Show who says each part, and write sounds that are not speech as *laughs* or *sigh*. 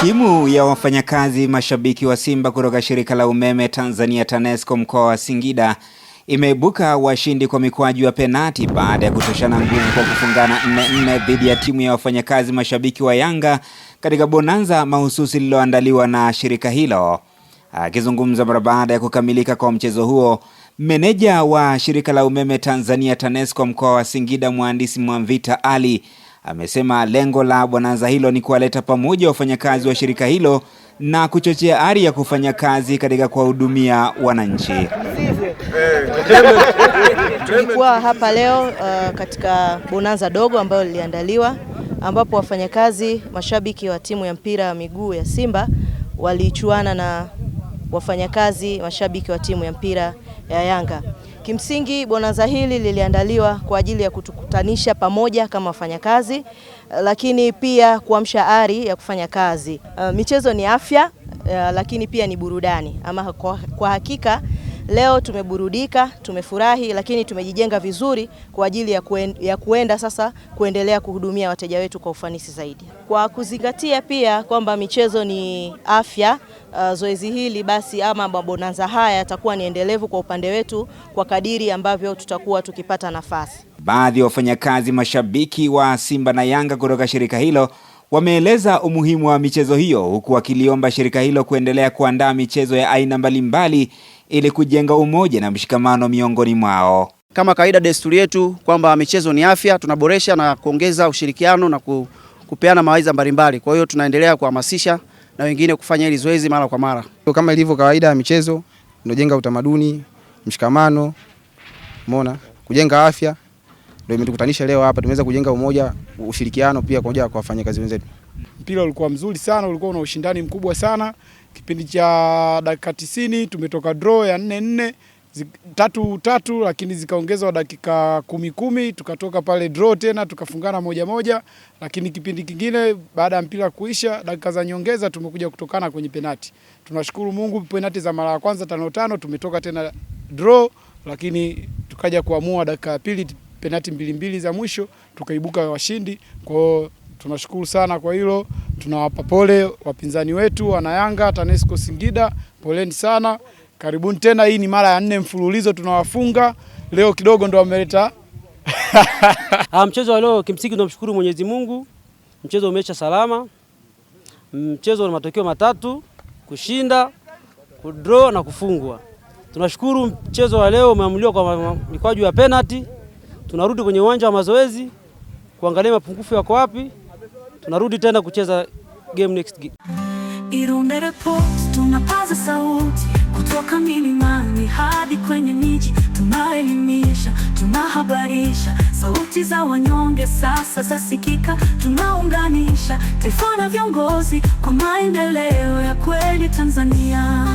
Speaker 1: Timu ya wafanyakazi mashabiki wa Simba kutoka shirika la umeme Tanzania TANESCO mkoa wa Singida imeibuka washindi kwa mikwaju ya penati baada ya kutoshana nguvu kwa kufungana 4-4 dhidi ya timu ya wafanyakazi mashabiki wa Yanga katika bonanza mahususi lililoandaliwa na shirika hilo. Akizungumza mara baada ya kukamilika kwa mchezo huo, meneja wa shirika la umeme Tanzania TANESCO mkoa wa Singida, mhandisi Mwamvita Ali Amesema lengo la bonanza hilo ni kuwaleta pamoja wafanyakazi wa shirika hilo na kuchochea ari ya kufanya kazi katika kuwahudumia wananchi.
Speaker 2: Tulikuwa hapa leo uh, katika bonanza dogo ambayo liliandaliwa ambapo wafanyakazi mashabiki wa timu ya mpira wa miguu ya Simba walichuana na wafanyakazi mashabiki wa timu ya mpira ya Yanga. Kimsingi bonanza hili liliandaliwa kwa ajili ya kutukutanisha pamoja kama wafanyakazi, lakini pia kuamsha ari ya kufanya kazi. Uh, michezo ni afya, uh, lakini pia ni burudani. Ama kwa, kwa hakika Leo tumeburudika, tumefurahi, lakini tumejijenga vizuri kwa ajili ya, kuen, ya kuenda sasa kuendelea kuhudumia wateja wetu kwa ufanisi zaidi, kwa kuzingatia pia kwamba michezo ni afya. Uh, zoezi hili basi ama mabonanza haya yatakuwa ni endelevu kwa upande wetu kwa kadiri ambavyo tutakuwa tukipata nafasi.
Speaker 1: Baadhi ya wafanyakazi mashabiki wa Simba na Yanga kutoka shirika hilo wameeleza umuhimu wa michezo hiyo huku wakiliomba shirika hilo kuendelea kuandaa michezo ya aina mbalimbali ili kujenga umoja na mshikamano miongoni mwao.
Speaker 3: Kama kawaida desturi yetu kwamba michezo ni afya, tunaboresha na kuongeza ushirikiano na ku, kupeana mawaidha mbalimbali. Kwa hiyo tunaendelea kuhamasisha na wengine kufanya hili zoezi mara kwa mara.
Speaker 4: Kama ilivyo kawaida ya michezo inajenga utamaduni, mshikamano, umeona, kujenga afya ndio imetukutanisha leo hapa, tumeweza kujenga umoja, ushirikiano pia kwa wafanyakazi wenzetu.
Speaker 5: Mpira ulikuwa mzuri sana, ulikuwa una ushindani mkubwa sana. Kipindi cha dakika tisini tumetoka draw ya nne nne tatu tatu, lakini zikaongezwa dakika kumi kumi, tukatoka pale draw tena tukafungana moja moja. Lakini kipindi kingine baada ya mpira kuisha, dakika za nyongeza, tumekuja kutokana kwenye penati. Tunashukuru Mungu, penati za mara ya kwanza tano tano, tumetoka tena draw, lakini tukaja kuamua dakika ya pili, penati mbili mbili za mwisho, tukaibuka washindi. Kwa tunashukuru sana kwa hilo tunawapa pole wapinzani wetu wanayanga TANESCO Singida, poleni sana, karibuni tena. Hii ni mara ya nne mfululizo tunawafunga, leo kidogo ndo wameleta
Speaker 3: *laughs* ah, mchezo wa leo. Kimsingi tunamshukuru Mwenyezi Mungu, mchezo umeisha salama. Mchezo una matokeo matatu: kushinda, kudraw na kufungwa. Tunashukuru mchezo wa leo umeamuliwa kwa mikwaju ya penalti. Tunarudi kwenye uwanja wa mazoezi kuangalia mapungufu yako wapi tunarudi tena kucheza game next game. Irunde Reports, tunapaza sauti kutoka milimani hadi kwenye miji, tunaelimisha, tunahabarisha, sauti za wanyonge sasa zasikika, tunaunganisha taifa na viongozi kwa maendeleo ya kweli Tanzania.